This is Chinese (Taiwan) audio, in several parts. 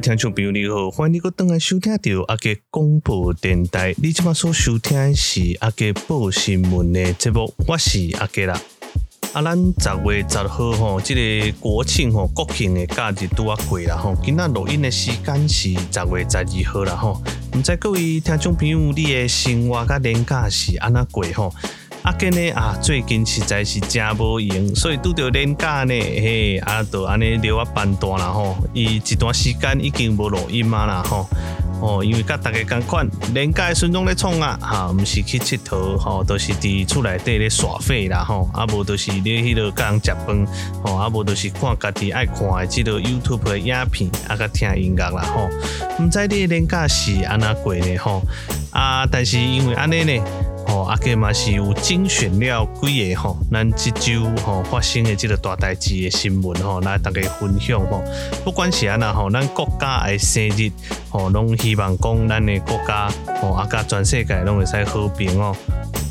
聽眾朋友你好，歡迎你擱轉來收聽到阿捷廣播電台。你即馬所收聽是阿捷報新聞的節目，我是阿捷啦。阿、啊、咱十月十號吼，即、這個國慶吼，國慶的假日都要過啦吼。今仔錄音的時間是十月十二號啦吼。唔知各位聽眾朋友，你的生活甲年假是安怎過吼？阿今日啊，最近實在是正無閒，所以拄着連假呢，嘿，啊，就安尼留啊，半段啦吼。伊一段時間已經無錄音媽啦吼，哦，因為甲逐個共款，連假孫總咧創啊，哈，毋是去佚佗，吼，都是佇厝內底咧耍廢啦吼，啊，無就是咧迄甲人食飯，吼，啊，無、啊、就是看家己愛看誒，即落 YouTube 誒影片，啊，甲聽音樂啦吼。毋知你連假是安那過咧吼，啊，但是因為安尼呢。哦，阿捷嘛是有精選了幾個吼、哦，咱即周吼發生的這個大代誌的新聞吼、哦，來大家分享吼、哦。不管是安怎吼，咱國家的生日吼、哦，攏希望講咱的國家吼、哦，阿、啊、加全世界攏會使和平哦。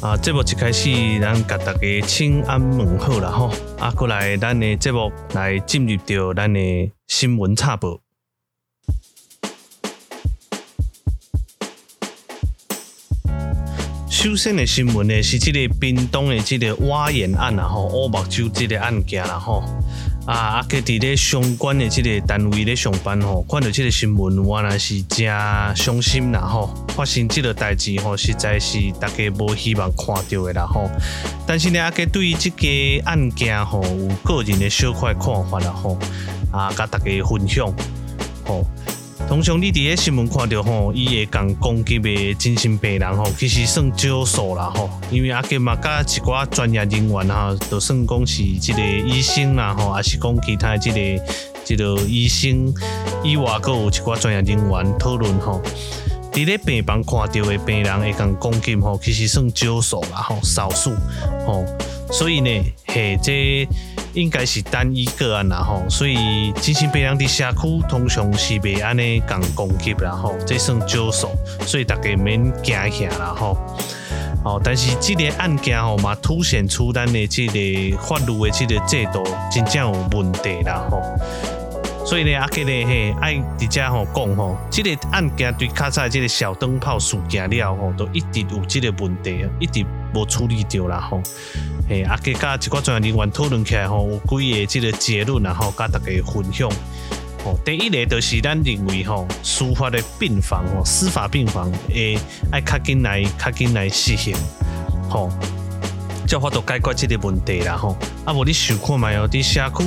啊，節目一開始，咱甲大家請安問候啦吼，阿、啊、過來咱的節目來進入到咱的新聞插播。首先的新聞呢，是這個屏東的這個挖眼案啊吼，烏目洲這個案件啦、啊、吼、啊，啊阿捷佇咧相關的這個單位咧上班吼、啊，看到這個新聞我也是真傷心啦、啊、吼、啊，發生這個代志吼，實在是大家無希望看到的啦、啊、吼、啊，但是呢，阿捷對於這個案件吼、啊、有個人的小塊看法啦、啊、吼、啊，啊甲大家分享吼、啊啊。通常你佇個新聞看到吼，伊會共攻擊個精神病人吼，其實算少數啦吼，因為阿捷嘛甲一掛專業人員吼，就算講是即個醫生啦吼，也是講其他即個即個醫生以外，閣有一掛專業人員討論吼。佇咧病房看到的病人會共攻擊吼，其實算少數啦吼，少數吼，所以呢，係這應該是單一個案啦吼，所以，精神病人佇社區通常是袂安尼共攻擊啦吼，這算少數，所以大家免驚嚇啦吼，哦，但是這個案件吼嘛，凸顯出咱的這個法律的這個制度真正有問題啦吼。所以呢，阿捷咧，嘿，要佇只吼講吼，這個案件對卡在這個小燈泡事件了後吼，都、哦、一直有這個問題啊，一直無處理掉啦吼、哦。嘿，阿捷甲一掛專業人員討論起來吼、哦，有幾個這個結論然後甲大家分享。吼、哦，第一個就是咱認為吼，司法的病房吼，司法病房會、哦、要卡緊來卡緊來實行。吼、哦，這話就解決這個問題啦吼、哦。啊，無你想看麥哦，佇社區。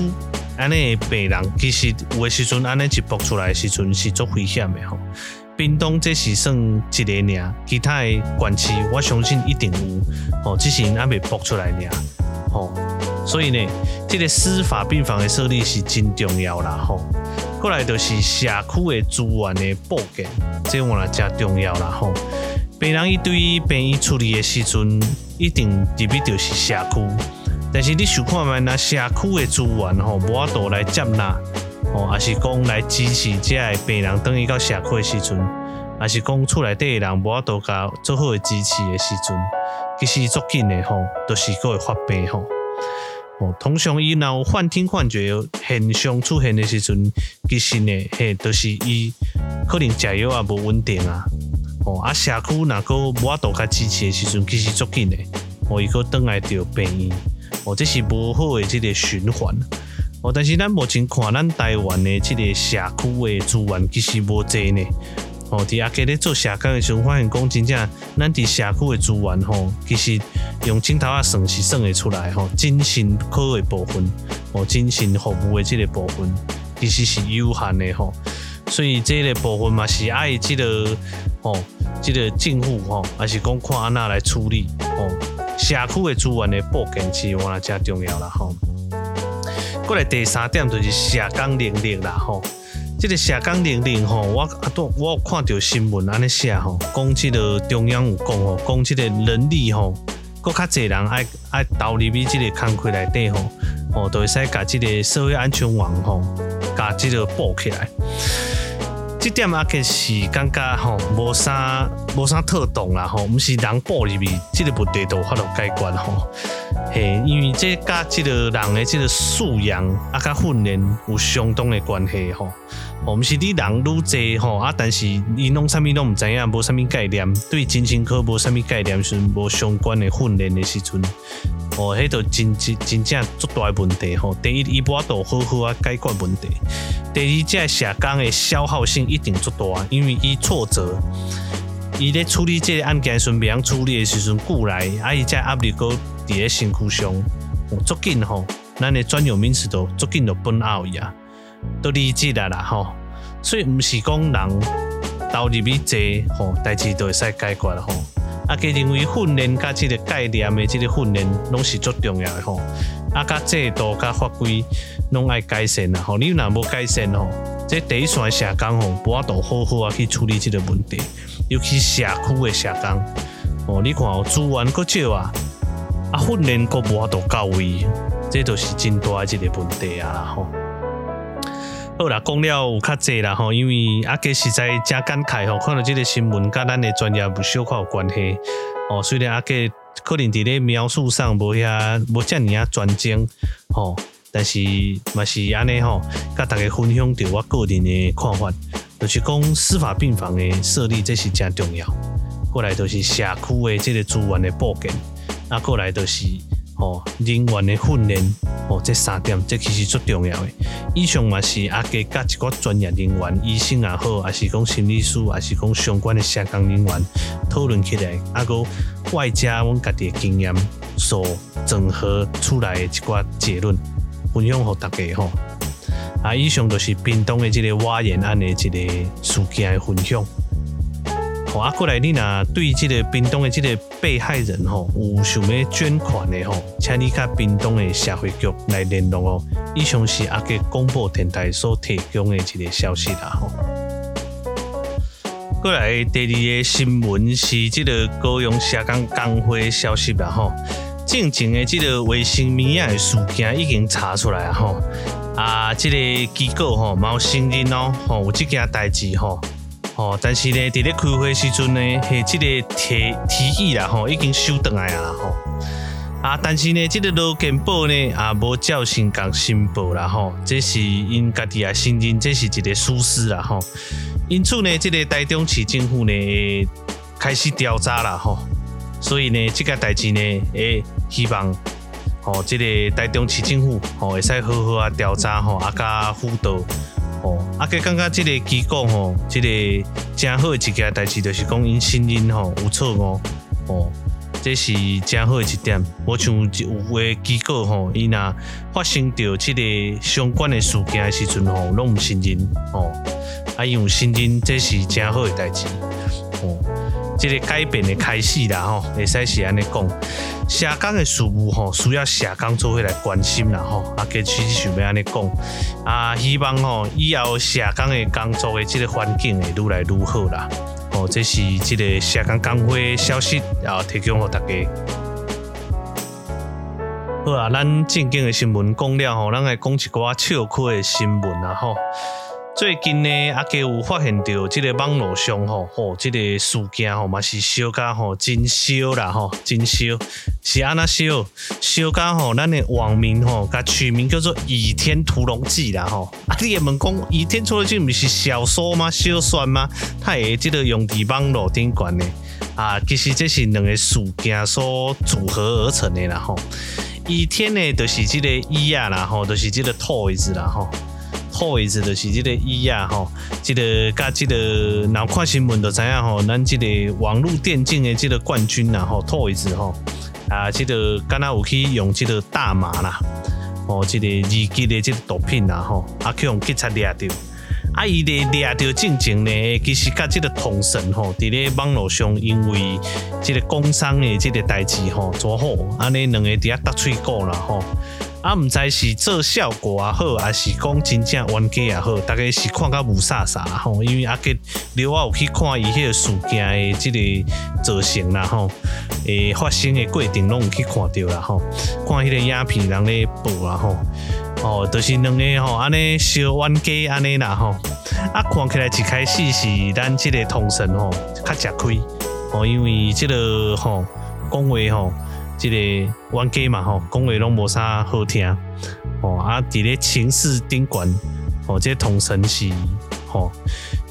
安尼誒病人，其實有誒時陣，安尼一曝出來誒時陣是足危險誒吼。冰、哦、凍這是算一個爾，其他誒管區我相信一定有吼，只、哦、是還未曝出來爾吼、哦。所以呢，即、這個司法病房誒設立是真重要啦吼。過、哦、來就是社區誒資源誒布局，即個我來講重要啦吼、哦。病人伊對於病院處理誒時陣，一定特別著是社區。但是你想看覓，那社區的資源吼，無法度來接納吼，還是講來支持遮的病人等於到社區的時陣，還是講厝內底的人無法度加做好個支持的時陣，其實足緊的吼，都是閣會發病吼。哦，通常伊若有幻聽、幻覺現象出現的時陣，其實呢，嘿，都是伊可能食藥也無穩定啊。哦，啊社區若閣無法度加支持的時陣，其實足緊的吼，伊閣倒來著病院。哦，這是無好的即個循環。哦，但是咱目前看咱台灣的即個社區的資源其實無儕呢。哦，佇阿捷咧做社工的時陣，發現講真正咱佇社區的資源吼，其實用鏡頭啊算是算會出來吼，精神科的部分，哦，精神服務的即個部分，其實是有限的。吼、哦。所以即個部分嘛是愛即、這個，哦，即、這個政府吼，也、哦、是講看安那來處理哦。社區的資源的布建是也正重要啦吼。過來第三點就是社工能力啦吼。這個社工能力吼，我阿多我看到新聞安尼寫吼，講這，這個中央有講吼，講這個人力吼，佫較儕人愛愛投入比這個工作內底吼，吼，就會使甲這個社會安全網吼，甲這個補起來。這點啊，更是感覺吼，無啥無啥特動啦吼，唔是人步入去，這個不地圖法度解決吼，嘿，因為這跟這個人的這個素養啊，加訓練有相當的關係吼。唔是你人愈濟吼啊，但是伊弄啥物攏唔知影，無啥物概念，對金錢課無啥物概念時候，是無相關的訓練的時陣，哦，迄個真的真正足大的問題吼，第一伊巴都好好啊解決問題。第二只社工的消耗性一定足大，因為伊挫折，伊咧處理這個案件時陣袂曉處理的時陣過來，啊伊再壓力擱佇咧身軀上，足緊吼，咱、哦、的專用名詞都足緊就崩凹去啊，都理解了啦吼、哦。所以唔是講人投入咪儕吼，代、哦、志就會使解決吼。啊，家認為訓練甲這個概念的這個訓練攏是足重要吼。哦啊，加制度、加法規，攏要改善啦吼、哦！你若無改善吼、哦，這第一線社工吼，無法度好好啊去處理這個問題，尤其社區的社工吼、哦，你看哦，資源過少啊，啊，訓練過無法度到位，這都是真大啊，一個問題啊吼、哦。好啦，講了有較濟啦吼，因為阿捷實在真感慨吼，看到這個新聞，甲咱的專業毋小可有關係哦，雖然阿捷。可能佇咧描述上無遐無遮爾啊專精吼，但是嘛是安尼吼，甲大家分享着我個人的看法，就是講司法病房的設立，這是真重要。過來都是社區的這個資源的布建，那、啊、過來都是吼人員的訓練，吼、哦、這三點這其實最重要的。以上也是阿捷甲一個專業人員、醫生也好，阿是講心理師，阿是講相關的社工人員討論起來，阿個。外加阮家己的經驗所整合出來的一寡結論，分享給大家吼。啊，以上就是屏東的這個挖眼案的這個事件的分享。好，啊，過來你吶，對這個屏東的這個被害人吼，有想要捐款的，請你甲屏東的社會局來聯絡哦。以上是阿捷廣播電台所提供的一個消息啦。過來第二個新聞是這個高雄社崗工會消息啊吼，正前的這個衛生棉的事件已經查出來啊吼，啊這個機構吼、哦、有承認咯吼，有這件代志吼，吼、哦、但是呢在，在開會時陣呢，係這個提提議啦吼，已經收頓來啦吼。啊，但是呢，這個勞健保呢，也無照正常申報了吼，這是因家己啊，新人，這是一個疏失了吼。因此呢，這個台中市政府呢，會開始調查啦吼。所以呢，這個代志呢，誒，希望吼，這個台中市政府吼，會使好好啊調查吼，吼，啊加輔導吼，啊加感覺這個機構吼，這個正好的一件代志，就是講因新人吼有錯誤哦。吼這是正好的一點，我想有有誒機構吼、哦，伊若發生着這個相關誒事件誒時陣吼，攏毋承認吼，啊用承認這是正好誒代志，哦，這個改變誒開始啦吼，會、哦、使是安尼講，社工誒事務吼、哦，需要社工做伙來關心啦吼，啊，其實想要安尼講，啊，希望吼、哦、以後社工誒工作誒即個環境會越來越好啦。這是這個社工工會的消息，啊，提供給大家。好啊，咱正經的新聞講了，咱來講一個笑詼的新聞啊吼。最近呢，啊個有發現到即個網絡上吼，吼、哦、即、這個事件吼，嘛是小家吼真燒啦吼，真燒是安那燒小家吼，咱的網民吼，佮取名叫做《倚天屠龍記》啦吼。啊你會問講《倚天屠龍記》毋是小說嗎？小說嗎？它也即個用佇網絡頂懸的。啊，其實這是兩個事件所組合而成的啦吼。倚天呢，就是即個椅啊啦吼，就是即個套子啦吼。托伊子就是這個伊亞，吼，這個加這個，腦看新聞都知影吼，咱這個網絡電競的這個冠軍吶吼，托伊子吼，啊，這個剛剛有去用這個大麻啦，吼，這個二級的這個毒品吶吼，阿、啊、去用警察抓到，啊，伊咧抓到正經咧，其實甲這個統神吼，佇咧網絡上因為這個工傷的這個代志吼，做火，安尼兩個底下搭嘴鼓啦吼。啊，唔知道是做效果也好，還是講真正玩家也好，大概是看到霧煞煞吼。因為啊，個劉阿有去看伊迄個事件的即個造型啦吼，誒、欸，發生的過程攏有去看到啦吼，看迄個影片人咧報啦吼，哦、喔，都、就是兩個吼、喔，安尼小玩家安尼啦吼，啊，看起來一開始是咱即個統神吼較吃虧吼、喔，因為即個吼、喔、講話吼、喔。即、這個冤家嘛吼，講話攏無啥好聽吼，啊！即個情勢頂管，吼，即個同城是吼，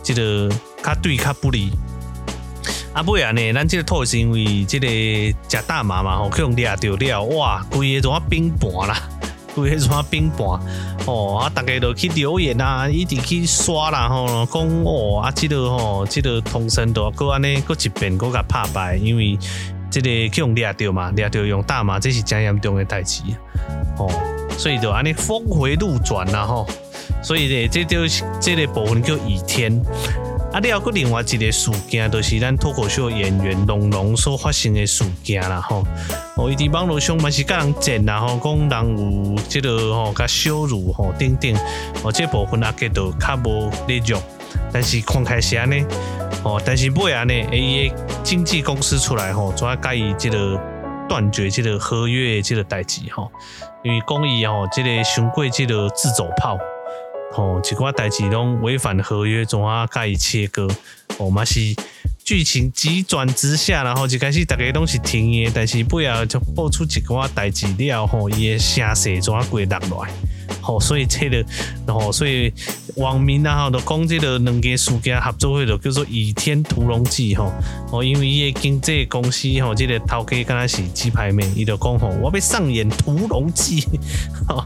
即個較對較不利。啊不然呢，咱即個套行為，即個食大麻嘛吼，去互掠著了哇，規個都全冰盤啦，規個都全冰盤哦，啊！大家都去留言啊，一直去刷啦吼，講哦，啊，即個吼，即個同城都啊，擱安尼擱一遍擱甲拍白，因為。即、這個用掠到嘛，掠到用打嘛，這是真嚴重嘅代志，吼、哦，所以就安尼峰回路轉啦吼，所以呢，即條即個部分叫倚天，啊，你還有另外一個事件，就是咱脫口秀演員龍龍所發生嘅事件啦吼，哦，伊佇網絡上嘛是甲人賤啦吼，講人有即個吼，甲羞辱吼等等，哦，即、這個、部分啊，都較無內容，但是看開始安尼。哦，但是不要呢，伊誒經紀公司出來吼，做啊介伊即個斷絕即個合約即個代志吼，因為講伊吼即個傷過即個自走炮，吼一寡代志攏違反合約，做啊介伊切割，哦嘛是劇情急轉直下，然後就開始大家攏是停誒，但是不要就爆出一寡代志了吼，伊誒聲勢做啊滾盪落來。吼、哦，所以這個，吼、哦，所以網民啊，吼，都講這個兩個事件合作會叫做《倚天屠龍記》吼。哦，因為伊的經紀公司吼，即、哦這個頭家敢若是雞排妹，伊都講吼，我要上演屠龍記。吼、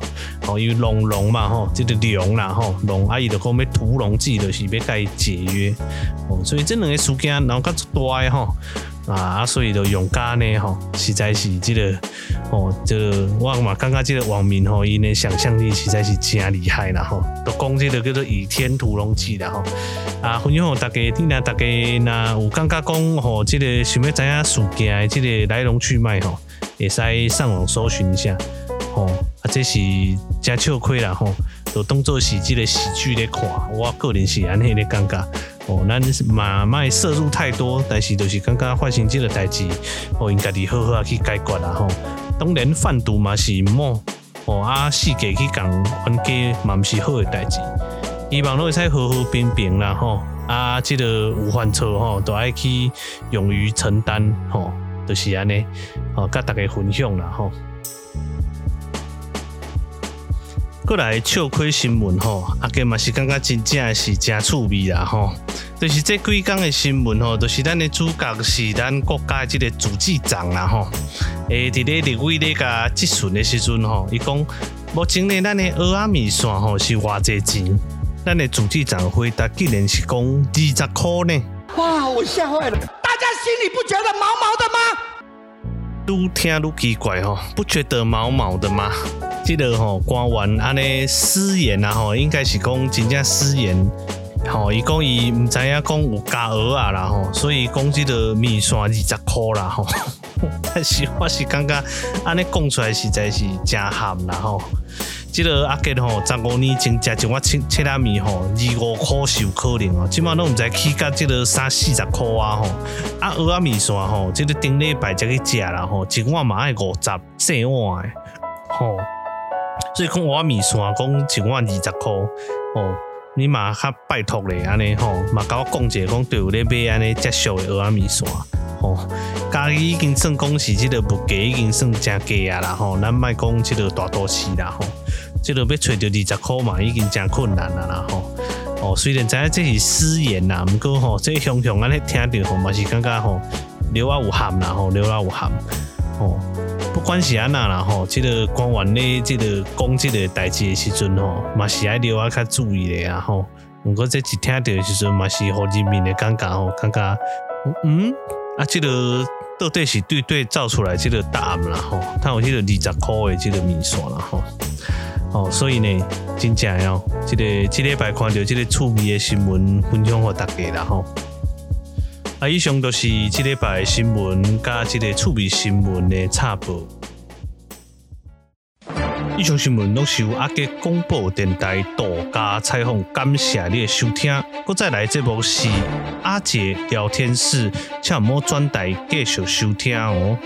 哦，有龍龍嘛，吼、哦，即、這個龍啦，吼，龍啊，伊都講要屠龍記，就是要甲伊解約。哦，所以這兩個事件然後較大吼。哦啊，所以就用家呢，吼，實在是這個，哦、喔，這個、我嘛，感覺這個網民吼、喔，因那想象力實在是真厲害啦，吼、喔，都講這個叫做以《倚天屠龍記》啦吼，啊，分享給大家，聽啦，大家那有感覺講吼、喔，這個想要知影事件，這個來龍去脈吼、喔，會使上網搜尋一下，吼、喔，啊，這是正笑開啦，吼、喔，就當做是這個喜劇咧看，我個人是安尼咧感覺。哦，咱是嘛，賣攝入太多，但是就是感覺發生即個代志，哦，應該哩好好去解決啦吼、哦。當然販毒嘛是毋好，吼、哦、啊，世界去共冤家嘛毋是好的代志。希望絡會使和和平平啦吼，啊，即、這個有犯錯吼，都、哦、愛去勇於承擔吼、哦，就是安尼，吼、哦，甲大家分享啦吼。過、哦、來笑開新聞吼，啊、哦，個嘛是感覺真正是正趣味啦吼。哦。就是這幾天的新聞哦，都、就是咱的主角是咱國家的這個主計長啦哈。誒，在那個兩會那個質詢的時陣哈，伊講目前呢，咱的蚵仔麵線吼是偌濟錢？咱的主計長回答，竟然是講二十塊呢。哇！我嚇壞了，大家心裡不覺得毛毛的嗎？越聽越奇怪哦，不覺得毛毛的嗎？記、這個吼，官員安尼失言啦吼，應該是講真正失言。吼、哦，伊講伊毋知影講有加蚵仔啦吼，所以講即的麵線二十箍啦吼。但是我是感覺，安尼講出來實在是誠鹹啦吼。即、哦這個阿捷吼，十五年前食一碗七七粒面，吼，二五箍是有可能 3,、啊、哦。即馬攏毋知起價，即個三四十箍啊吼。啊，蚵仔麵線吼，即個頂禮拜才去食啦吼，一碗嘛要五十正碗的吼。所以講蚵仔麵線講一碗二十箍。吼、哦。你嘛，較拜託咧安尼吼，嘛甲、喔、我講解講，說對我咧買安尼接受的蚵仔麵線吼，家、喔、己已經算講是即個物價已經算真低啊啦吼，咱賣講即個大都市啦吼，即、喔這個要揣着二十箍嘛，已經真困難啊啦吼，哦、喔，雖然知影這是私鹽啦，毋過吼，這雄雄安尼聽着吼，嘛是感覺吼、喔，流啊有漢啦吼，流、喔、啊有漢，吼、喔。不管是安怎啦吼，即、這個官員咧，即個講即個代誌的時陣吼，嘛是愛留啊較注意的啊，吼毋過即一聽着的時陣嘛是互人民的感，感覺吼，感覺嗯啊、這個，即個到底是對對照出來即個答案啦吼。但有迄個二十箍的即個麵線啦吼。吼、哦、所以呢，真正哦，即、這個即禮、這個、拜看到即個趣味的新聞，分享給大家啦吼。啊、以上就是即禮拜的新聞加即個趣味新聞的差不。以上新聞都是由阿杰廣播電台獨家採訪，感謝你的收聽，再來節目是阿杰聊天室，請莫轉台繼續收聽哦。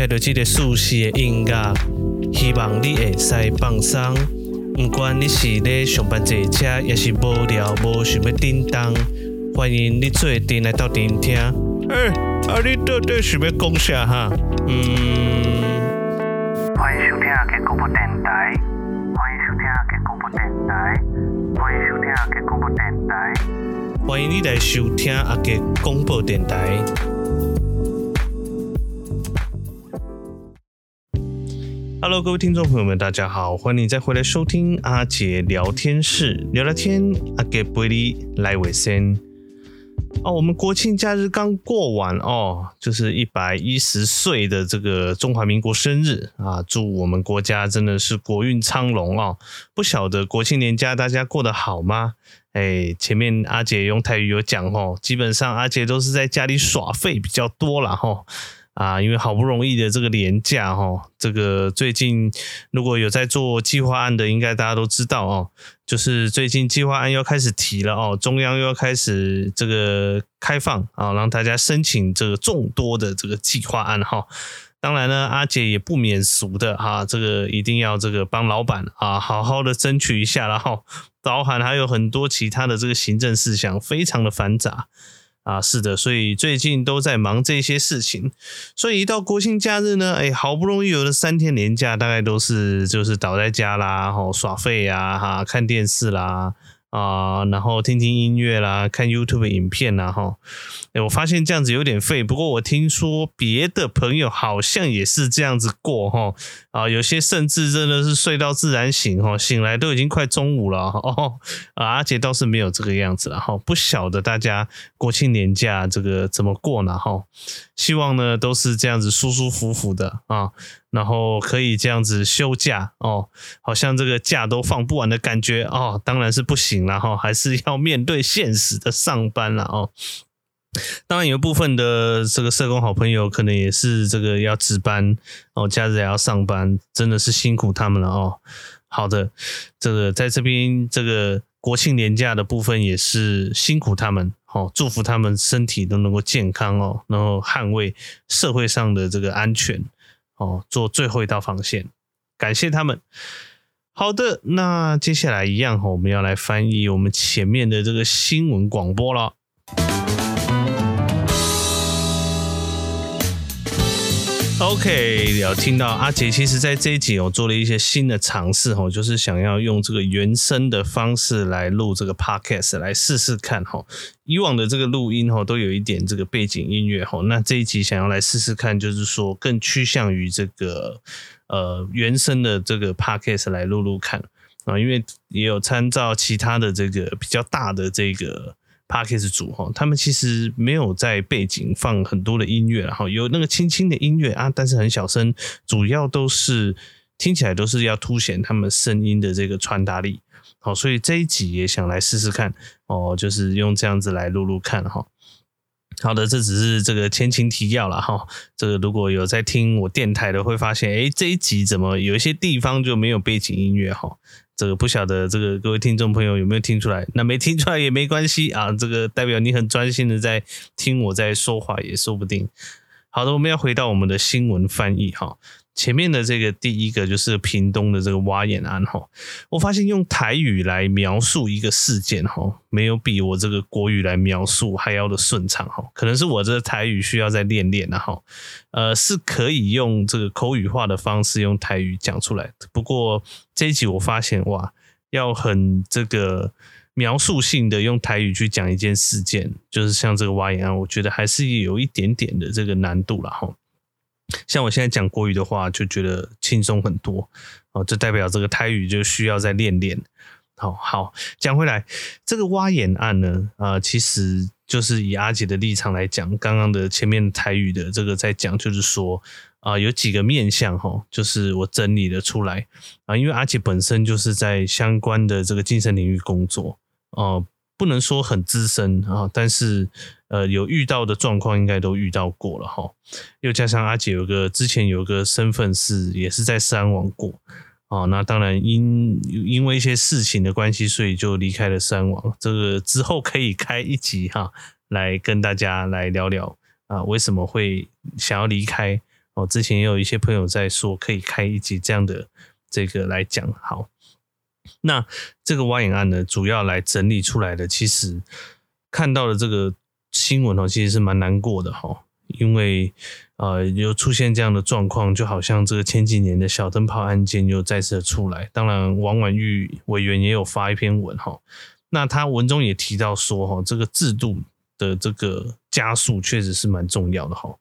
聽到這個舒適的音樂，希望你會使放鬆。不管你是咧上班坐車，也是無聊無想要叮當，歡迎你做陣來到電聽。哎、欸，阿、啊、你到底是要講啥哈？嗯，歡迎收聽阿捷廣播電台，歡迎收聽阿捷廣播電台，歡迎收聽阿捷廣播電台，歡迎你來收聽阿捷廣播電台。Hello，各位聽眾朋友們，大家好，歡迎你再回來收聽阿捷聊天室聊聊天。阿捷布里來維森哦，我們國慶假日剛過完哦，就是一百一十歲的這個中華民國生日啊，祝我們國家真的是國運昌隆哦。不曉得國慶年假大家過得好嗎？哎，前面阿捷用台語有講哦，基本上阿捷都是在家裡耍廢比較多啦。哈、哦。啊，因為好不容易的這個連假、哦，哈，這個最近如果有在做計劃案的，應該大家都知道哦，就是最近計劃案要開始提了哦，中央又要開始這個開放啊，讓大家申請這個眾多的這個計劃案哈、哦。當然呢，阿捷也不免俗的哈、啊，這個一定要這個幫老板啊，好好的爭取一下了哈、哦，包含還有很多其他的這個行政事項，非常的繁雜。啊，是的，所以最近都在忙這些事情，所以一到國慶假日呢，哎、欸，好不容易有了三天連假，大概都是就是倒在家啦，吼，耍廢啊，哈，看電視啦。啊，然後聽聽音樂啦，看 YouTube 影片啦，哈，誒，我發現這樣子有點廢。不過我聽說別的朋友好像也是這樣子過，哈，啊，有些甚至真的是睡到自然醒，哈，醒來都已經快中午了，哦，啊，阿捷倒是沒有這個樣子了，哈，不曉得大家國慶連假這個怎麼過呢，哈，希望呢都是這樣子舒舒服服的，啊。然後可以這樣子休假哦，好像這個假都放不完的感覺哦，當然是不行了哈，還是要面對現實的上班了哦。當然，有一部分的這個社工好朋友可能也是這個要值班哦，假日也要上班，真的是辛苦他們了哦。好的，這個在這邊這個國慶連假的部分也是辛苦他們，好、哦、祝福他們身體都能夠健康哦，然後捍衛社會上的這個安全。哦，做最後一道防線，感謝他們。好的，那接下來一樣哈，我們要來翻譯我們前面的這個新聞廣播了。OK，有聽到阿捷，其實在這一集我做了一些新的嘗試哈，就是想要用這個原聲的方式來錄這個 podcast 來試試看哈。以往的這個錄音哈都有一點這個背景音樂哈，那這一集想要來試試看，就是說更趨向於這個呃原聲的這個 podcast 來錄錄看啊，因為也有參照其他的這個比較大的這個。Podcast 組哈，他們其實沒有在背景放很多的音樂，然後哈，有那個輕輕的音樂啊，但是很小聲，主要都是聽起來都是要凸顯他們聲音的這個傳達力。好，所以這一集也想來試試看哦，就是用這樣子來錄錄看哈。好的，這只是這個前情提要了哈。這個如果有在聽我電台的，會發現誒、欸、這一集怎麼有一些地方就沒有背景音樂哈。這個不曉得，這個各位聽眾朋友有沒有聽出來？那沒聽出來也沒關係啊，這個代表你很專心的在聽我在說話，也說不定。好的，我們要回到我們的新聞翻譯哈。前面的這個第一個就是屏東的這個挖眼案哈，我發現用台語來描述一個事件哈，沒有比我這個國語來描述還要的順暢哈，可能是我這個台語需要再練練了哈，呃，是可以用這個口語化的方式用台語講出來。不過這一集我發現哇，要很這個描述性的用台語去講一件事件，就是像這個挖眼案，我覺得還是有一點點的這個難度了哈。像我現在講國語的話，就覺得輕鬆很多哦，這代表這個台語就需要再練練。好好講回來，這個挖眼案呢，啊、呃，其實就是以阿捷的立場來講，剛剛的前面台語的這個在講，就是說啊、呃，有幾個面向哈，就是我整理了出來啊、呃，因為阿捷本身就是在相關的這個精神領域工作哦。呃不能說很資深啊，但是呃，有遇到的狀況應該都遇到過了哈。又加上阿捷有個之前有個身份，是也是在三網過啊、哦，那當然因因為一些事情的關係，所以就離開了三網。這個之後可以開一集哈、啊，來跟大家來聊聊啊，為什麼會想要離開？哦，之前也有一些朋友在說可以開一集這樣的這個來講好。那這個挖眼案呢，主要來整理出來的，其實看到的這個新聞哦，其實是蠻難過的哈，因為呃有出現這樣的狀況，就好像這個前幾年的小燈泡案件又再次出來，當然王婉玉委員也有發一篇文哈，那他文中也提到說哈，這個制度的這個加速確實是蠻重要的哈。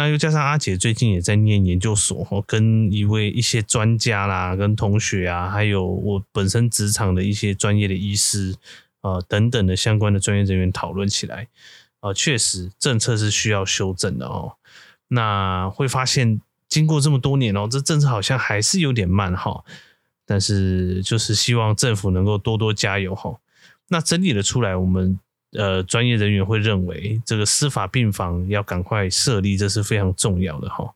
那又加上阿捷最近也在念研究所，跟一位一些專家啦、跟同學啊，還有我本身職場的一些專業的醫師、呃，等等的相關的專業人員討論起來，啊、呃，確實政策是需要修正的哦。那會發現經過這麼多年哦，這政策好像還是有點慢哈。但是就是希望政府能夠多多加油哈。那整理了出來，我們。呃，專業人員會認為這個司法病房要趕快設立，這是非常重要的哈。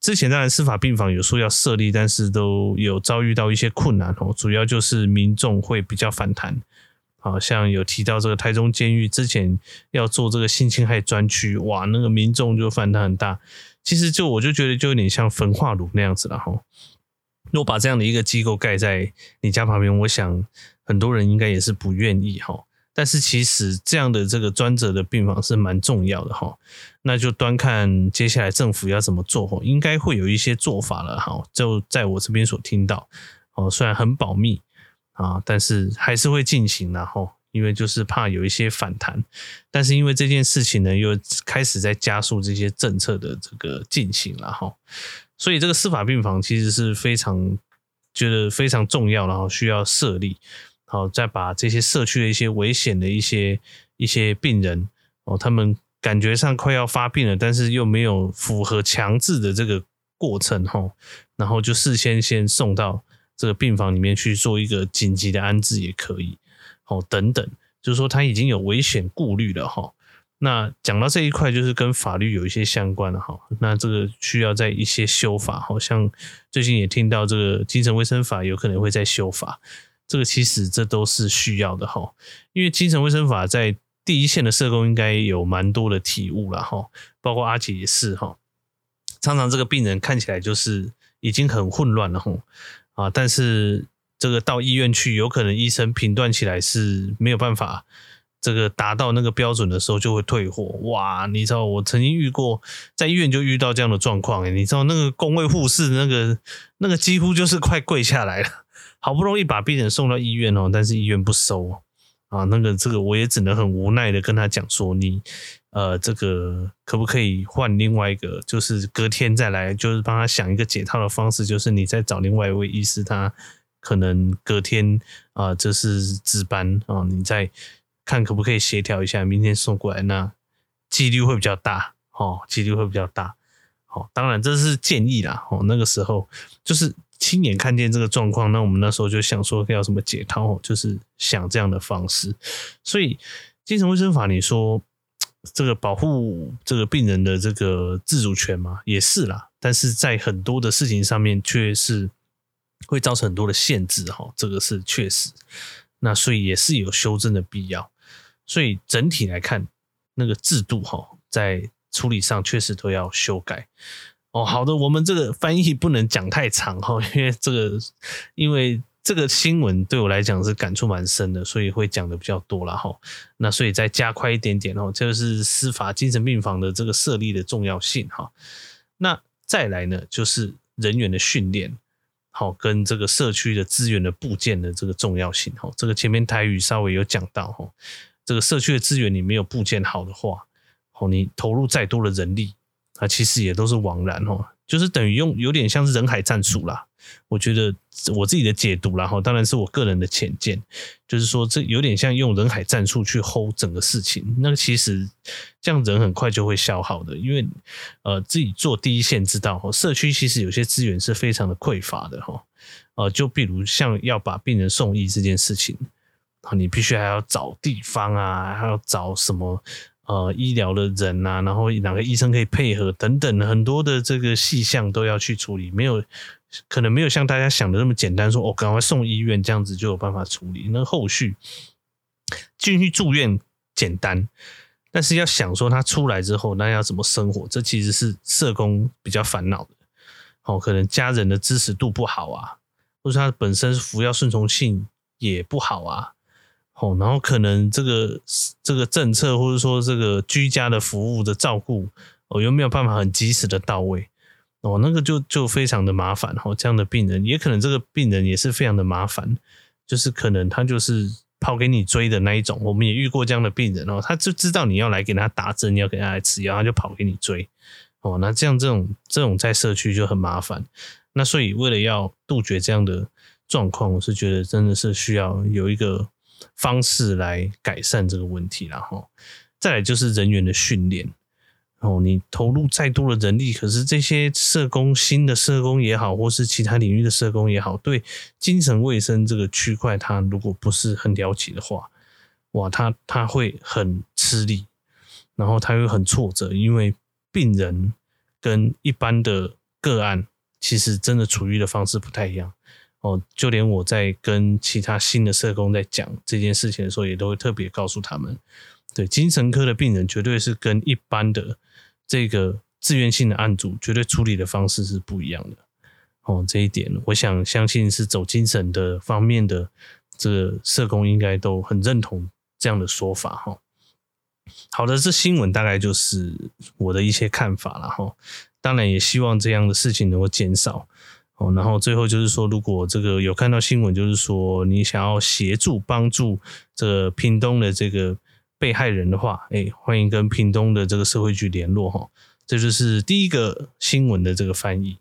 之前當然司法病房有說要設立，但是都有遭遇到一些困難哦。主要就是民眾會比較反彈，好像有提到這個台中監獄之前要做這個性侵害專區，哇，那個民眾就反彈很大。其實就我就覺得就有點像焚化爐那樣子了哈。如果把這樣的一個機構蓋在你家旁邊，我想很多人應該也是不願意哈。但是其實這樣的這個專責的病房是蠻重要的齁，那就端看接下來政府要怎麼做齁，應該會有一些做法了齁，就在我這邊所聽到哦、喔，雖然很保密啊，但是還是會進行然後，因為就是怕有一些反彈，但是因為這件事情呢又開始在加速這些政策的這個進行了齁，所以這個司法病房其實是非常覺得非常重要然後需要設立。好，再把這些社區的一些危險的一些一些病人，哦，他們感覺上快要發病了，但是又沒有符合強制的這個過程，吼，然後就事先先送到這個病房裡面去做一個緊急的安置也可以，好，等等，就是說他已經有危險顧慮了，吼，那講到這一塊就是跟法律有一些相關的哈，那這個需要在一些修法，好像最近也聽到這個精神衛生法有可能會在修法。這個其實這都是需要的哈，因為精神衛生法在第一線的社工應該有蠻多的體悟了哈，包括阿捷也是哈。常常這個病人看起來就是已經很混亂了哈，啊，但是這個到醫院去，有可能醫生評斷起來是沒有辦法這個達到那個標準的時候，就會退貨！哇，你知道我曾經遇過在醫院就遇到這樣的狀況，誒，你知道那個公衛護士那個那個幾乎就是快跪下來了。好不容易把病人送到醫院哦、喔，但是醫院不收、喔、啊。那個這個我也只能很無奈的跟他講說你，你呃，這個可不可以換另外一個？就是隔天再來，就是幫他想一個解套的方式。就是你再找另外一位醫師，他可能隔天啊，這、呃就是值班哦、喔。你再看可不可以協調一下，明天送過來，那幾率會比較大哦，幾率會比較大。哦、喔喔。當然這是建議啦。哦、喔，那個時候就是。親眼看見這個狀況，那我們那時候就想說要什麼解套，就是想這樣的方式。所以精神衛生法，你說這個保護這個病人的這個自主權嘛，也是啦。但是在很多的事情上面，卻是會造成很多的限制哈。這個是確實，那所以也是有修正的必要。所以整體來看，那個制度哈，在處理上確實都要修改。哦，好的，我們這個翻譯不能講太長哈，因為這個，因為這個新聞對我來講是感觸蠻深的，所以會講的比較多了哈。那所以再加快一點點哦，這個是司法精神病房的這個設立的重要性哈。那再來呢，就是人員的訓練，好跟這個社區的資源的佈建的這個重要性哈。這個前面台語稍微有講到哈，這個社區的資源你沒有佈建好的話，好你投入再多的人力。其實也都是枉然哦，就是等於用有點像是人海戰術啦。我覺得我自己的解讀啦哈，當然是我個人的淺見，就是說這有點像用人海戰術去 hold 整個事情。那其實這樣人很快就會消耗的，因為呃自己做第一線知道社區其實有些資源是非常的匱乏的呃，就比如像要把病人送醫這件事情你必須還要找地方啊，還要找什麼。呃，醫療的人吶、啊，然後哪個醫生可以配合等等，很多的這個細項都要去處理，沒有可能沒有像大家想的那麼簡單，說我、哦、趕快送醫院這樣子就有辦法處理。那後續進去住院簡單，但是要想說他出來之後那要怎麼生活，這其實是社工比較煩惱的。哦，可能家人的支持度不好啊，或者他本身服藥順從性也不好啊。哦，然後可能這個這個政策，或者說這個居家的服務的照顧，哦，又沒有辦法很及時的到位，哦，那個就就非常的麻煩。哦，這樣的病人也可能這個病人也是非常的麻煩，就是可能他就是跑給你追的那一種。我們也遇過這樣的病人哦，他就知道你要來給他打針，你要給他吃藥，他就跑給你追。哦，那這樣這種這種在社區就很麻煩。那所以為了要杜絕這樣的狀況，我是覺得真的是需要有一個。方式來改善這個問題，然後再來就是人員的訓練。然後你投入再多的人力，可是這些社工，新的社工也好，或是其他領域的社工也好，對精神衛生這個區塊，他如果不是很了解的話，哇，他他會很吃力，然後他會很挫折，因為病人跟一般的個案其實真的處於的方式不太一樣。哦，就連我在跟其他新的社工在講這件事情的時候，也都會特別告訴他們，對精神科的病人，絕對是跟一般的這個自願性的案主，絕對處理的方式是不一樣的。哦，這一點，我想相信是走精神的方面的這個社工應該都很認同這樣的說法哈。好的，這新聞大概就是我的一些看法了哈。當然，也希望這樣的事情能夠減少。然後最後就是說，如果這個有看到新聞，就是說你想要協助幫助這個屏東的這個被害人的話，哎，歡迎跟屏東的這個社會局聯絡哈。這就是第一個新聞的這個翻譯。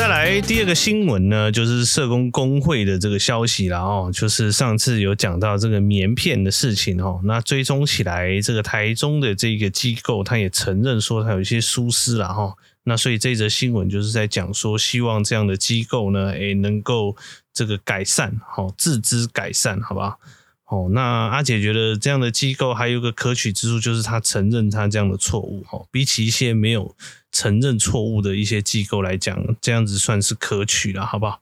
再來第二個新聞呢，就是社工工會的這個消息了哦，就是上次有講到這個棉片的事情哦，那追蹤起來，這個台中的這個機構，他也承認說他有一些疏失了哈、哦，那所以這則新聞就是在講說，希望這樣的機構呢，哎，能夠這個改善，好、哦、自知改善，好吧，好不好？哦，那阿捷覺得這樣的機構還有個可取之處，就是他承認他這樣的錯誤、哦。哈，比起一些沒有承認錯誤的一些機構來講，這樣子算是可取啦，好不好？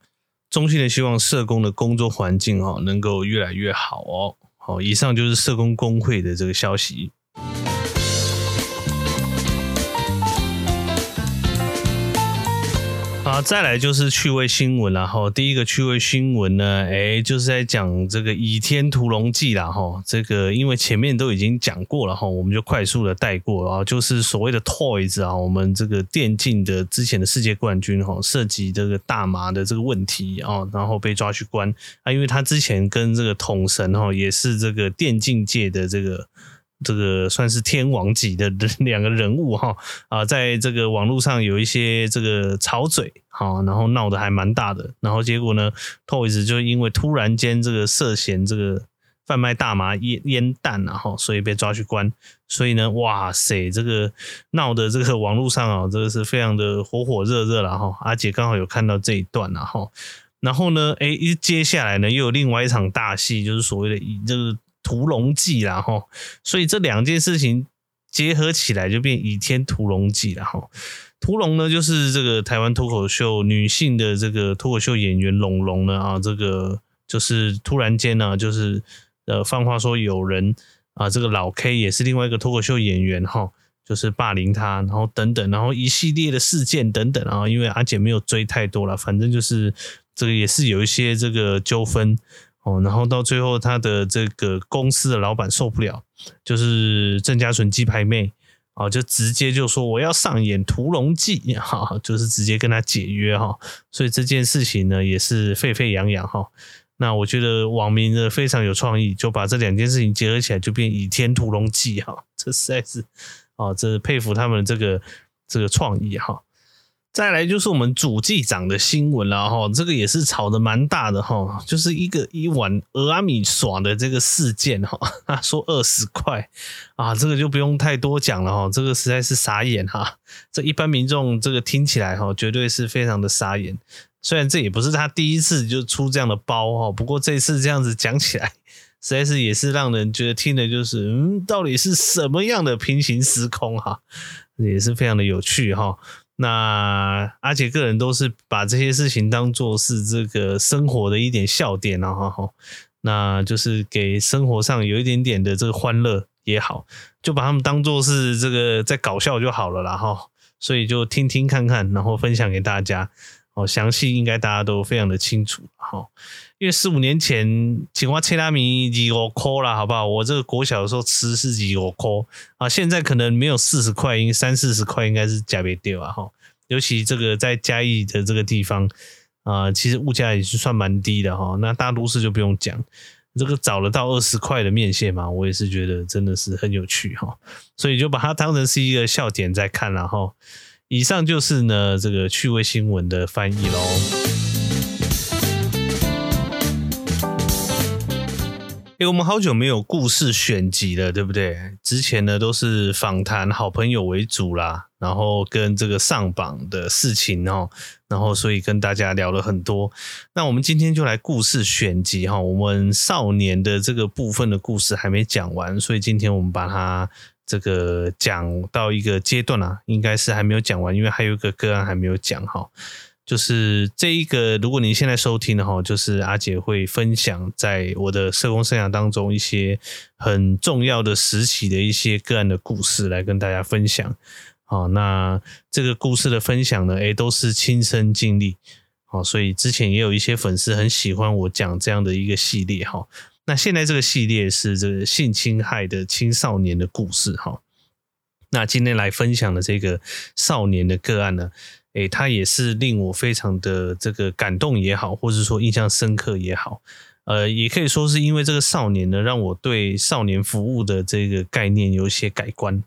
衷心的希望社工的工作環境哦，能夠越來越好哦。好、哦，以上就是社工工會的這個消息。好啊，再來就是趣味新聞，然後第一個趣味新聞呢，誒、欸，就是在講這個《倚天屠龍記》啦吼，這個因為前面都已經講過了哈，我們就快速的帶過了，了、啊、就是所謂的 Toys 啊，我們這個電競的之前的世界冠軍哈，涉及這個大麻的這個問題啊，然後被抓去關啊，因為他之前跟這個統神哈，也是這個電競界的這個。這個算是天王級的兩個人物，哈啊，在這個網絡上有一些這個吵嘴哈，然後鬧得還蠻大的，然後結果呢，Toyz 就因為突然間這個涉嫌這個販賣大麻煙煙彈然後，所以被抓去關，所以呢，哇塞，這個鬧的這個網絡上啊，這個是非常的火火熱熱了哈、啊，阿、啊、杰剛好有看到這一段了、啊、哈，然後呢，哎，接下來呢又有另外一場大戲，就是所謂的這個。屠龍記，啦，吼，所以這兩件事情結合起來就變《倚天屠龍記》了吼。屠龍呢，就是這個台灣脫口秀女性的這個脫口秀演員龍龍呢啊，這個就是突然間呢、啊，就是呃，放話說有人啊，這個老 K 也是另外一個脫口秀演員吼、啊，就是霸凌他，然後等等，然後一系列的事件等等啊，因為阿捷沒有追太多了，反正就是這個也是有一些這個糾紛。哦，然後到最後，他的這個公司的老闆受不了，就是鄭家純雞排妹，啊、哦，就直接就說我要上演《屠龍記》哈、哦，就是直接跟他解約哈、哦。所以這件事情呢，也是沸沸揚揚哈、哦。那我覺得網民呢非常有創意，就把這兩件事情結合起來，就變《倚天屠龍記》哈、哦。這實在是啊，這、哦、是佩服他們這個這個創意哈。哦再來就是我們主計長的新聞了哈，這個也是吵得蠻大的哈，就是一個一碗蚵仔麵線的這個事件哈，說二十塊啊，這個就不用太多講了哈，這個實在是傻眼哈，這一般民眾這個聽起來哈，絕對是非常的傻眼，雖然這也不是他第一次就出這樣的包哈，不過這次這樣子講起來，實在是也是讓人覺得聽的就是，嗯，到底是什麼樣的平行時空哈，也是非常的有趣哈。那阿捷個人都是把這些事情當做是這個生活的一點笑點然、啊、哈，那就是給生活上有一點點的這個歡樂也好，就把他們當做是這個在搞笑就好了啦哈，所以就聽聽看看，然後分享給大家。哦，詳細應該大家都非常的清楚哈，因為四五年前，青花切拉米二五扣啦，好不好？我這個國小的時候吃是二五扣啊，現在可能沒有四十塊，塊應三四十塊應該是加不掉啊哈。尤其這個在嘉義的這個地方啊、呃，其實物價也是算蠻低的哈。那大都市就不用講，這個找得到二十塊的麵線嘛，我也是覺得真的是很有趣哈，所以就把它當成是一個笑點在看，然後。以上就是呢這個趣味新聞的翻譯嘍。哎、欸，我們好久沒有故事選集了，對不對？之前呢都是訪談好朋友為主啦，然後跟這個上榜的事情吼，然後所以跟大家聊了很多。那我們今天就來故事選集哈，我們少年的這個部分的故事還沒講完，所以今天我們把它。這個講到一個階段啦、啊，應該是還沒有講完，因為還有一個個案還沒有講哈。就是這一個，如果您現在收聽的話，就是阿捷會分享在我的社工生涯當中一些很重要的時期的一些個案的故事來跟大家分享。好，那這個故事的分享呢，哎，都是親身經歷。好，所以之前也有一些粉絲很喜歡我講這樣的一個系列哈。那現在這個系列是這個性侵害的青少年的故事哈。那今天來分享的這個少年的個案呢，誒，他也是令我非常的這個感動也好，或是說印象深刻也好，呃，也可以說是因為這個少年呢，讓我對少年服務的這個概念有一些改觀。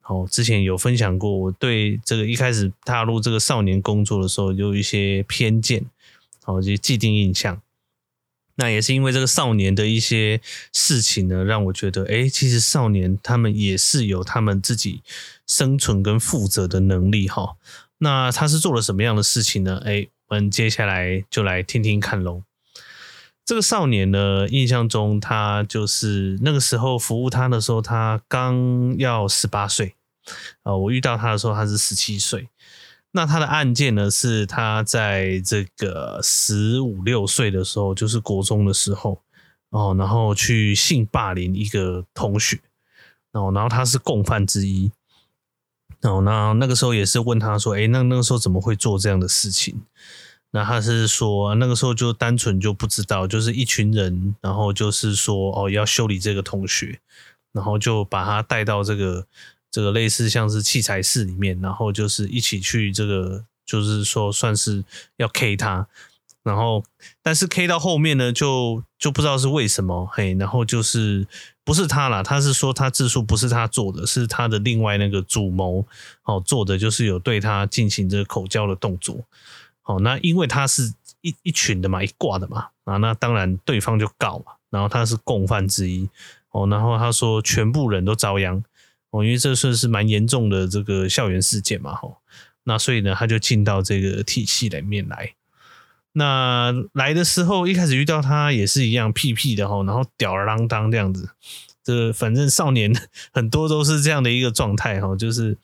好，之前有分享過，我對這個一開始踏入這個少年工作的時候有一些偏見，好，這些既定印象。那也是因為這個少年的一些事情呢，讓我覺得，哎，其實少年他們也是有他們自己生存跟負責的能力哈。那他是做了什麼樣的事情呢？哎，我們接下來就來聽聽看咯。這個少年呢，印象中他就是那個時候服務他的時候，他剛要十八歲啊，我遇到他的時候他是十七歲。那他的案件呢，是他在這個十五六歲的時候，就是國中的時候，哦，然後去性霸凌一個同學，然後，哦，然後他是共犯之一，哦，那那個時候也是問他說，哎，那那個時候怎麼會做這樣的事情？」那他是說那個時候就單純就不知道，就是一群人，然後就是說哦要修理這個同學，然後就把他帶到這個。這個類似像是器材室裡面，然後就是一起去這個，就是說算是要 K 他，然後但是 K 到後面呢，就就不知道是為什麼嘿，然後就是不是他啦，他是說他自述不是他做的，是他的另外那個主謀哦做的，就是有對他進行這個口交的動作哦，那因為他是一一群的嘛，一掛的嘛啊，那當然對方就告嘛，然後他是共犯之一哦，然後他說全部人都遭殃。哦，因為這算是蠻嚴重的這個校園事件嘛，吼，那所以呢，他就進到這個體系裡面來。那來的時候一開始遇到他也是一樣屁屁的吼，然後吊兒郎當這樣子，這反正少年很多都是這樣的一個狀態，吼，就是。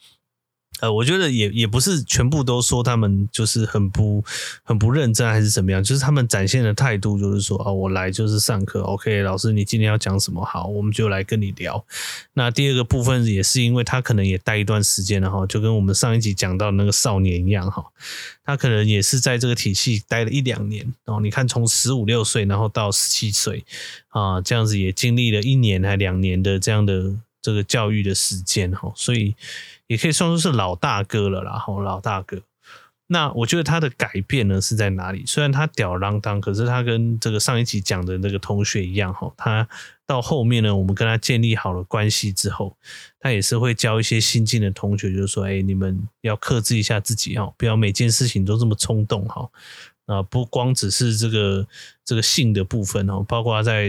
呃，我覺得也也不是全部都說他們就是很不很不認真還是怎麼樣，就是他們展現的態度就是說啊，我來就是上課，OK，老師你今天要講什麼？好，我們就來跟你聊。那第二個部分也是因為他可能也待一段時間了哈，就跟我們上一集講到那個少年一樣哈，他可能也是在這個體系待了一兩年哦，你看從十五六歲然後到十七歲啊，這樣子也經歷了一年還兩年的這樣的這個教育的時間哈，所以。也可以算出是老大哥了啦，齁，老大哥，那我覺得他的改變呢是在哪裡？雖然他吊兒郎當，可是他跟這個上一集講的那個同學一樣，哈，他到後面呢，我們跟他建立好了關係之後，他也是會教一些新進的同學，就是說：“哎、欸，你們要克制一下自己哦，不要每件事情都這麼衝動，哈，啊，不光只是這個這個性的部分哦，包括他在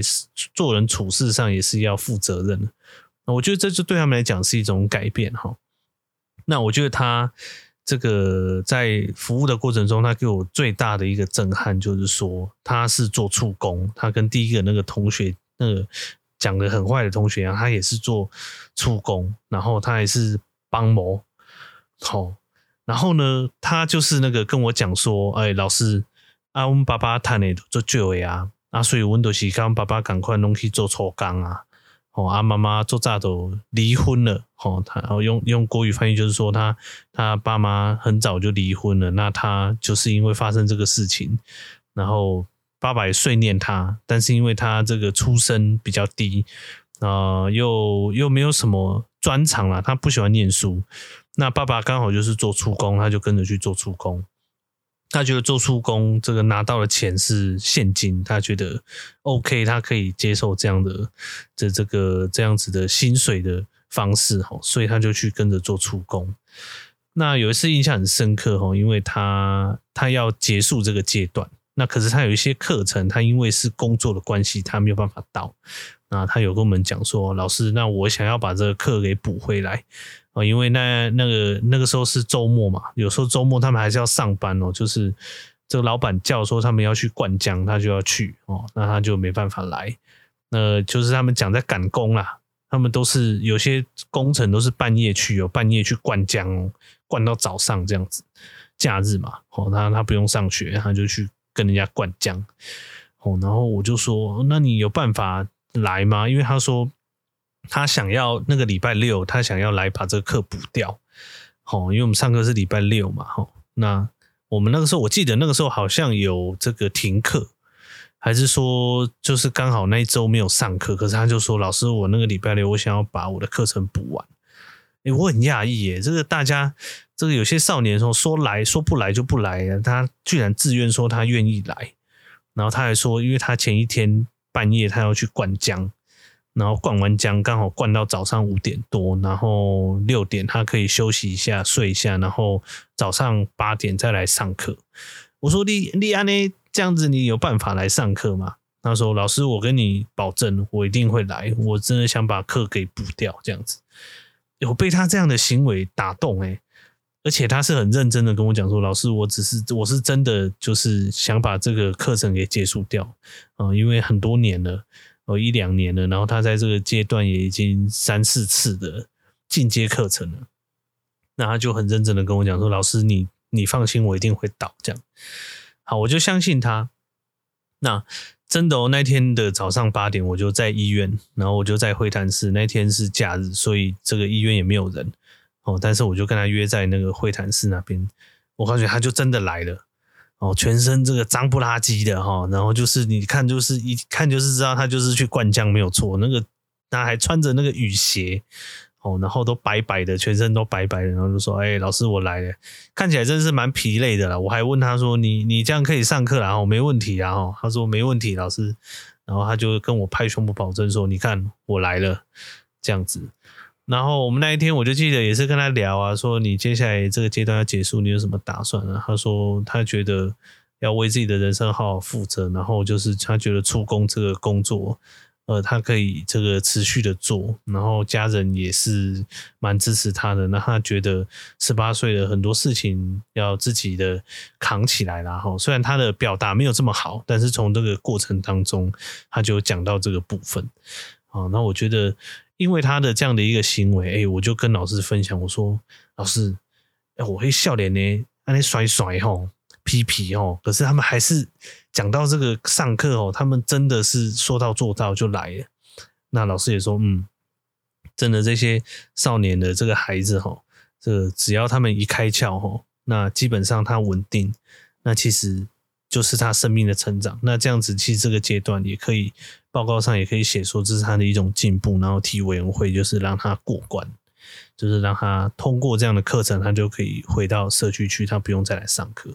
做人處事上也是要負責任的。那我覺得這就對他們來講是一種改變，哈。”那我覺得他這個在服務的過程中，他給我最大的一個震撼就是說，他是做粗工，他跟第一個那個同學，那個講得很壞的同學啊，他也是做粗工，然後他也是幫忙，吼，然後呢，他就是那個跟我講說，欸，誒老師，阿翁爸爸攤內做鋸尾啊，啊，所以溫度洗乾爸爸趕快弄去做粗工啊。哦，阿、啊、媽媽做炸豆，離婚了。哦，他然後用用國語翻譯就是說，他他爸媽很早就離婚了。那他就是因為發生這個事情，然後爸爸也碎念他，但是因為他這個出身比較低，啊、呃，又又沒有什麼專長啦。他不喜歡念書。那爸爸剛好就是做粗工，他就跟着去做粗工。他覺得做粗工，這個拿到的錢是現金，他覺得 OK，他可以接受這樣的這這個這樣子的薪水的方式，哈，所以他就去跟着做粗工。那有一次印象很深刻，哈，因為他他要結束這個階段。那可是他有一些課程，他因為是工作的關係，他沒有辦法到。那他有跟我們講說，老師，那我想要把這個課給補回來哦，因為那那個那個時候是週末嘛，有時候週末他們還是要上班哦，就是這個老闆叫說他們要去灌漿，他就要去哦，那他就沒辦法來。那就是他們講在趕工啦，他們都是有些工程都是半夜去哦，有半夜去灌漿，灌到早上這樣子。假日嘛，哦，他他不用上學，他就去。跟人家灌漿，哦，然後我就說：“那你有辦法來嗎？”因為他說他想要那個禮拜六，他想要來把這個課補掉，哦。因為我們上課是禮拜六嘛，那我們那個時候，我記得那個時候好像有這個停課，還是說就是剛好那一周沒有上課？可是他就說：“老師，我那個禮拜六，我想要把我的課程補完。誒”誒我很訝異耶，這個大家。這個有些少年仔，說來說不來就不來，他居然自願說他願意來，然後他還說，因為他前一天半夜他要去灌漿，然後灌完漿剛好灌到早上五點多，然後六點他可以休息一下睡一下，然後早上八點再來上課。我說你：“麗麗安呢？這樣子你有辦法來上課嗎？”他說：“老師，我跟你保證，我一定會來。我真的想把課給補掉，這樣子。”有被他這樣的行為打動哎、欸。而且他是很認真的跟我講說：“老師，我只是我是真的就是想把這個課程給結束掉啊，嗯，因為很多年了，哦一兩年了。然後他在這個階段也已經三四次的進階課程了。那他就很認真的跟我講說：‘老師你，你你放心，我一定會到。’這樣好，我就相信他。那真的哦，那天的早上八點，我就在醫院，然後我就在會談室。那天是假日，所以這個醫院也沒有人。”哦，但是我就跟他約在那個會談室那邊，我感覺他就真的來了。哦，全身這個髒不拉幾的哈，然後就是你看，就是一看就是知道他就是去灌漿沒有錯。那個他還穿着那個雨鞋，哦，然後都白白的，全身都白白的，然後就說：“哎，老師，我來了。”看起來真是蠻疲累的了。我還問他說：“你你這樣可以上課啦？”，哦，沒問題啊。哦，他說：“沒問題，老師。”然後他就跟我拍胸脯保證說：“你看，我來了。”這樣子。然後我們那一天我就記得也是跟他聊啊，說，你接下來這個階段要結束，你有什麼打算呢？啊？他說他覺得要為自己的人生好好負責，然後就是他覺得出工這個工作，呃，他可以這個持續的做，然後家人也是蠻支持他的。那他覺得十八歲了，很多事情要自己的扛起來。然後雖然他的表達沒有這麼好，但是從這個過程當中，他就講到這個部分啊。那我覺得。因為他的這樣的一個行為，誒，我就跟老師分享，我說老師，誒，我會笑臉呢，那裡甩甩吼，皮皮吼，可是他們還是講到這個上課吼，他們真的是說到做到就來了。那老師也說，嗯，真的這些少年的這個孩子吼，這個、只要他們一開竅吼，那基本上他穩定，那其實。就是他生命的成長，那這樣子其實這個階段也可以報告上，也可以寫說這是他的一種進步，然後提委員會就是讓他過關，就是讓他通過這樣的課程，他就可以回到社區去，他不用再來上課。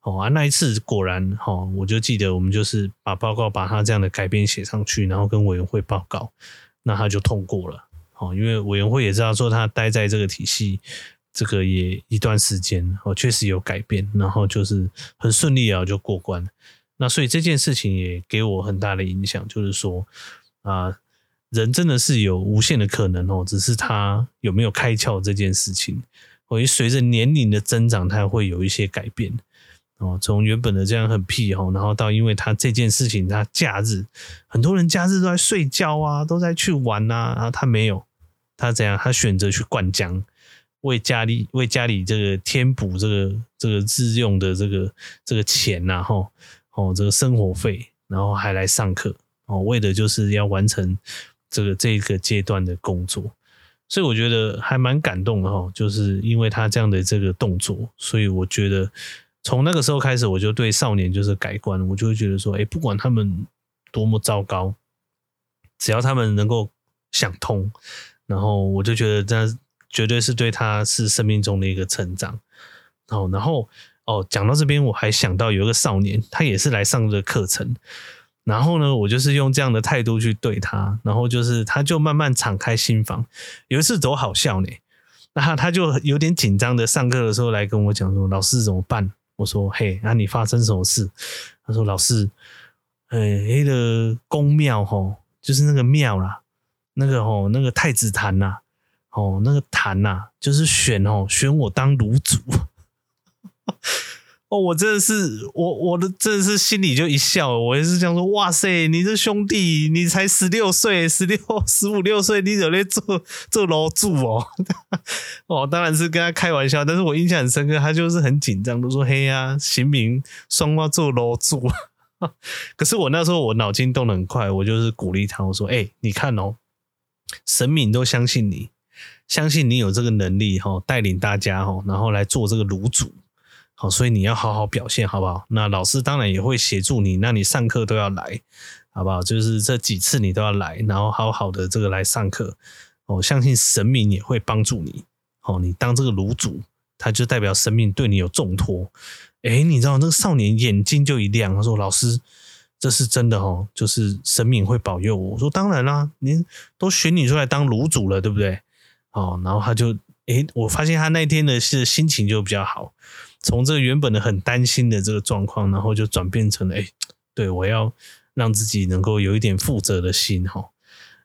好啊，那一次果然哈，我就記得我們就是把報告把他這樣的改變寫上去，然後跟委員會報告，那他就通過了。好，因為委員會也知道說他待在這個體系。這個也一段時間哦，確實有改變，然後就是很順利啊，就過關。那所以這件事情也給我很大的影響，就是說啊、呃，人真的是有無限的可能哦，只是他有沒有開竅這件事情。我、哦、隨着年齡的增長，他會有一些改變哦。從原本的這樣很屁好、哦，然後到因為他這件事情，他假日很多人假日都在睡覺啊，都在去玩啊，然後他沒有，他怎樣？他選擇去灌漿。為家裡為家裡這個添補這個這個日用的這個這個錢、啊，然後哦這個生活費，然後還來上課哦，為的就是要完成這個這個階段的工作。所以我覺得還蠻感動的哈，就是因為他這樣的這個動作，所以我覺得從那個時候開始，我就對少年就是改觀，我就會覺得說，哎，不管他們多麼糟糕，只要他們能夠想通，然後我就覺得這樣。絕對是對他是生命中的一個成長哦，然後哦，講到這邊我還想到有一個少年，他也是來上這個的課程，然後呢，我就是用這樣的態度去對他，然後就是他就慢慢敞開心房。有一次走好笑呢，那他，他就有點緊張的上課的時候來跟我講說：“老師怎麼辦？”我說：“嘿，那、啊、你發生什麼事？”他說：“老師，誒那個宮廟吼、哦，就是那個廟啦、啊，那個吼、哦、那個太子壇啊。”哦，那個談吶、啊，就是選哦，選我當爐主。 哦，我真的是，我我的真的是心裡就一笑，我也是想說，哇塞，你這兄弟，你才十六歲，十六十五六歲，你有在做做爐主哦？ 哦，當然是跟他開玩笑，但是我印象很深刻，他就是很緊張，都說嘿呀、啊，神明雙花做爐主。 可是我那時候我腦筋動得很快，我就是鼓勵他，我說，哎、欸，你看哦，神明都相信你。相信你有這個能力哈，帶領大家哈，然後來做這個爐主。好，所以你要好好表現，好不好？那老師當然也會協助你，那你上課都要來，好不好？就是這幾次你都要來，然後好好的這個來上課。我相信神明也會幫助你，好，你當這個爐主，他就代表神明對你有重托。哎，你知道那個少年眼睛就一亮，他說：“老師，這是真的哈，就是神明會保佑我。”我說：“當然啦，您都選你出來當爐主了，對不對？”哦，然後他就哎，我發現他那天的是心情就比較好，從這個原本的很擔心的這個狀況，然後就轉變成了哎，對我要讓自己能夠有一點負責的心哈、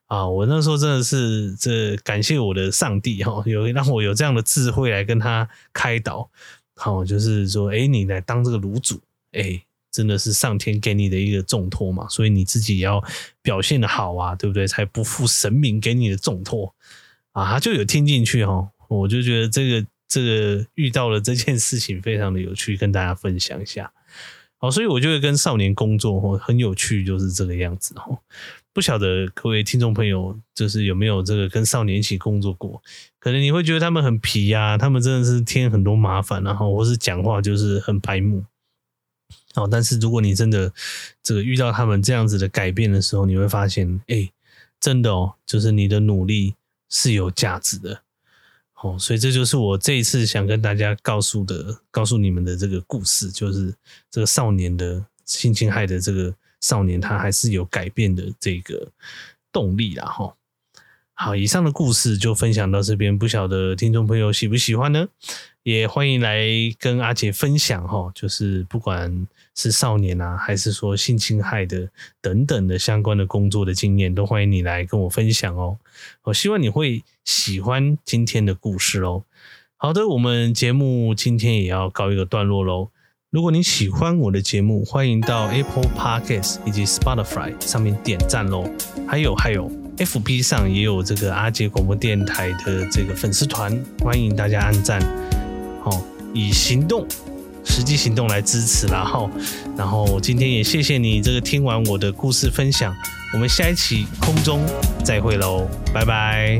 哦、啊！我那時候真的是這感謝我的上帝哈、哦，有讓我有這樣的智慧來跟他開導，好、哦，就是說哎，你來當這個爐主哎，真的是上天給你的一個重托嘛，所以你自己也要表現得好啊，對不對？才不負神明給你的重托。啊，就有聽進去哦，我就覺得這個這個遇到了這件事情非常的有趣，跟大家分享一下。好，所以我就會跟少年工作哦，很有趣，就是這個樣子哦。不曉得各位聽眾朋友，就是有沒有這個跟少年一起工作過？可能你會覺得他們很皮呀，他們真的是添很多麻煩，然後或是講話就是很白目。好，但是如果你真的這個遇到他們這樣子的改變的時候，你會發現，哎，真的哦，就是你的努力。是有價值的，好、哦，所以這就是我這一次想跟大家告訴的、告訴你們的這個故事，就是這個少年的性侵害的這個少年，他還是有改變的這個動力啦，哈。好，以上的故事就分享到這邊，不曉得聽眾朋友喜不喜歡呢？也歡迎來跟阿捷分享，哈，就是不管。是少年啊，還是說性侵害的等等的相關的工作的經驗，都歡迎你來跟我分享哦。我希望你會喜歡今天的故事哦。好的，我們節目今天也要告一個段落嘍。如果你喜歡我的節目，歡迎到 Apple Podcast 以及 Spotify 上面點讚嘍。還有還有，FB 上也有這個阿杰廣播電台的這個粉絲團，歡迎大家按讚，好、哦、以行動。實際行動來支持啦哈，然後今天也謝謝你這個聽完我的故事分享，我們下一期空中再會嘍，拜拜。